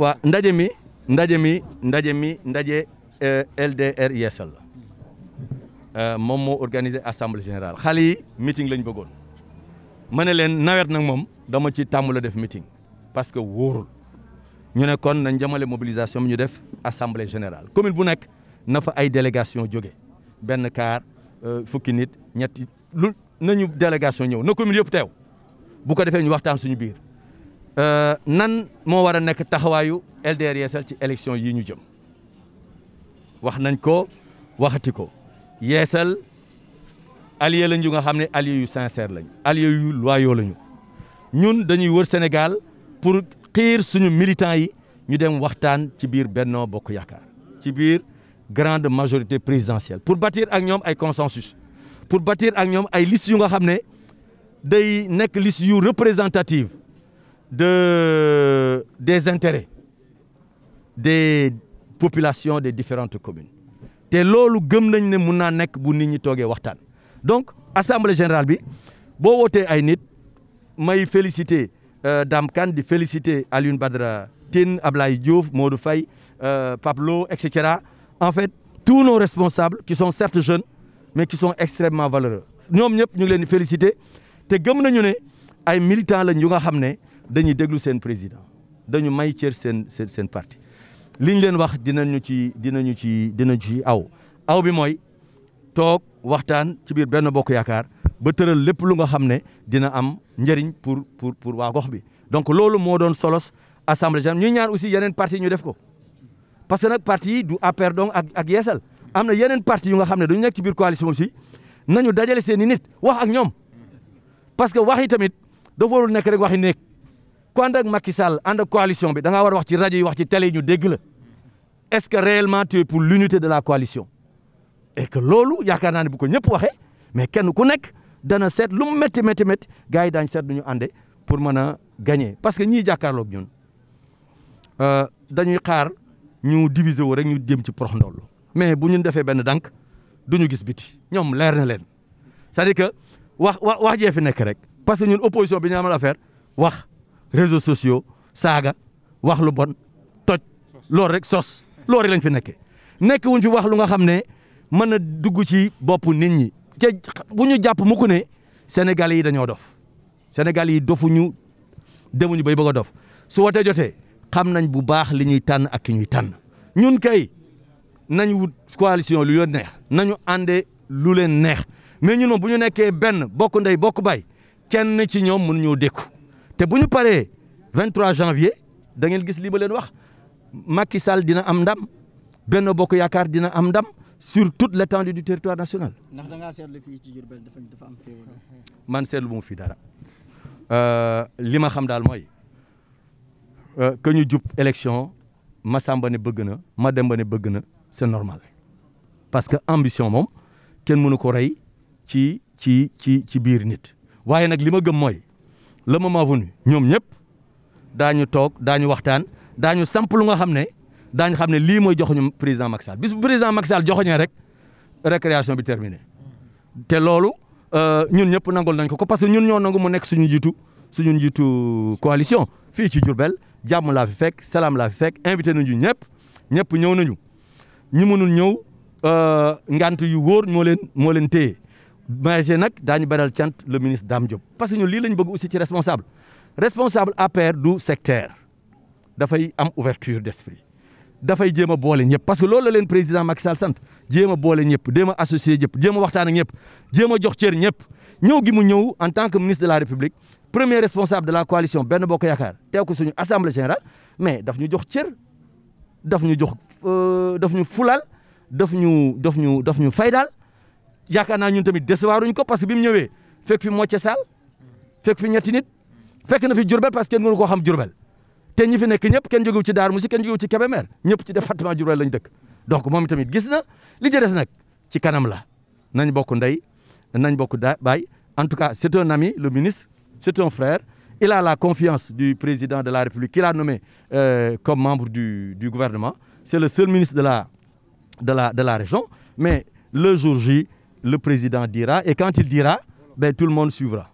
waa ndaje mi ndaje mi ndaje mi ndaje euh, LDR Yeesal la euh, moom moo organiser assemblée général xale yi meeting lañ bëggoon ma ne leen nawet nag moom dama ci tàmm la def meeting parce que wóorul ñu ne kon nañ jamale mobilisation bi ñu def assemblée général commune bu nekk na fa ay délégation joge benn kaar euh, fukki nit ñetti lu nañu délégation ñëw na commune yëpp teew bu ko defee ñu waxtaan suñu biir Euh, nan moo war a nekk taxawaayu LDR Yeesal ci élection yi ñu jëm wax nañ ko waxati ko Yeesal allié lañ yu nga xam ne allié yu sincère lañ allié yu loyaux lañu ñun dañuy wër Sénégal pour xiir suñu militants yi ñu dem waxtaan ci biir Benno Bokk Yaakaar ci biir grande majorité présidentielle pour bâtir ak ñoom ay consensus pour batiir ak ñoom ay liste yu nga xam ne day nekk liste yu représentative de des intérêts des populations des différentes communes te loolu gëm nañ ne mun naa nekk bu nit ñi toogee waxtaan donc assemblée général bi boo wootee ay nit may féliciter euh, Dame Kane di féliciter Alioune Badara Tine Ablaye Diouf Modou Faye euh, Pablo et cetera en fait tous nos responsable qui sont certes jeunes mais qui sont extrêmement valeureux ñoom ñëpp ñu ngi leen di féliciter te gëm nañu ne ay militants lañ yu nga xam ne. dañuy déglu seen président dañu may cër seen seen seen parti li ñu leen wax dina ñu ci dinañu ci dinañu ci aw aw bi mooy toog waxtaan ci biir benn bokk yaakaar ba tëral lépp lu nga xam ne dina am njëriñ pour pour pour waa gox bi donc loolu moo doon solos assemblée générale ñu ñaan aussi yeneen parti ñu def ko parce que nag parti du APR donc ak ak yeesal am na yeneen parti yu nga xam ne dañu nekk ci biir coalition aussi nañu dajale seen i nit wax ak ñoom parce que wax yi tamit dafa warul nekk rek waxi nekk ku ànd ak Macky Sall ànd ak bi danga ngaa war a wax ci rajo yi wax ci télé yi ñu dégg la est-ce que réellement tu pour l'unité de la coalition et que loolu yaakaar naa ne bu ko ñëpp waxee mais kenn ku nekk dana seet lu mu métti métti métti gars yi daañu seet du ñu ànde pour mën a gagner parce que ñii jàkkaarloog ñun euh, dañuy xaar ñu diviser wu rek ñu jëm ci prox ndoll mais bu ñun defee benn dànk du ñu gis biti ñoom leer na leen c'est-à-dire que wax wax wax jee fi nekk rek parce que ñun opposition bi ñu amal affaire wax. réseaux sociaux saaga wax lu bon toj loolu rek sos loolu rek lañ fi nekkee nekk wuñ fi wax lu nga xam ne mën a dugg ci bopp nit ñi te bu ñu jàpp ne Sénégalais yi dañoo dof Sénégalais yi dofuñu demuñu bay bëgg dof su wootee jotee xam nañ bu baax li ñuy tànn ak ki ñuy tànn ñun kay nañu wut coalition lu leen neex nañu àndee lu leen neex mais ñun moom bu ñu nekkee benn bokk ndey bokk bay kenn ci ñoom mënuñoo dékku te bu ñu paree 23 janvier da ngeen gis lii ma leen wax Macky Sall dina am ndam Benno Bokk Yaakaar dina am ndam sur toute l'étendue du territoire national. ndax da ngaa seetlu fii ci Diourbel dafa dafa am féewal. man seetlu fi dara euh, li ma xam daal mooy euh, que ñu jub élection Massamba ne bëgg na demba ne bëgg na c'est normal parce que ambition moom kenn mënu ko rey ci ci ci ci biir nit waaye nag li ma gëm mooy. le moment venu ñoom ñëpp daañu toog daañu waxtaan daañu samp lu nga xam ne daañu xam ne lii mooy joxuñu président Macky Sall bis bu président Macky Sall joxuñee rek récréation bi terminé te loolu euh, ñun ñëpp nangul nañ ko ko parce que ñun ñoo nangu mu nekk suñu jiitu suñu jiitu coalition fii ci Diourbel jàmm laa fi fekk salaam laa fi fekk invité nañu ñëpp ñëpp ñëw nañu ñu mënul ñëw euh, ngant yu wóor moo leen moo leen téye mais nag daañu beral cant le ministre Dame Diop parce que ñun lii lañ bëgg aussi ci responsable responsable APR du secteur dafay am ouverture d'esprit dafay jéem a boole ñëpp parce que loolu la leen président Macky Sall sant jéem a boole ñëpp jéem a associé ñëpp jéem a waxtaan ak ñëpp jéem a jox cër ñëpp ñëw gi mu ñëw en tant que ministre de la République premier responsable de la coalition Benno Bokk Yaakaar teew ko suñu assemblée générale mais daf ñu jox cër daf ñu jox euh, daf ñu fulal daf ñu ñu daf ñu faydaal yaakaar naa ñun tamit décevoiruñ ko parce que bi mu ñëwee fekk fi mocce saal fekk fi ñetti nit fekk na fi Jurbel parce que kenn ko koo xam Jurbel te ñi fi nekk ñëpp kenn jógewu ci Darou Moussi kenn jógewu ci Kébémer ñëpp ci département Diourbel lañ dëkk donc moom tamit gis na li ci des nag ci kanam la nañ bokk ndey nañ bokk da bay en tout cas c'est un ami le ministre c'est un frère il la confiance du président de la République qu'il a nommé euh, comme membre du du gouvernement c'est le seul ministre de la de la de la région mais le jour J le président dira et quand il dira, ben, tout le monde suivra.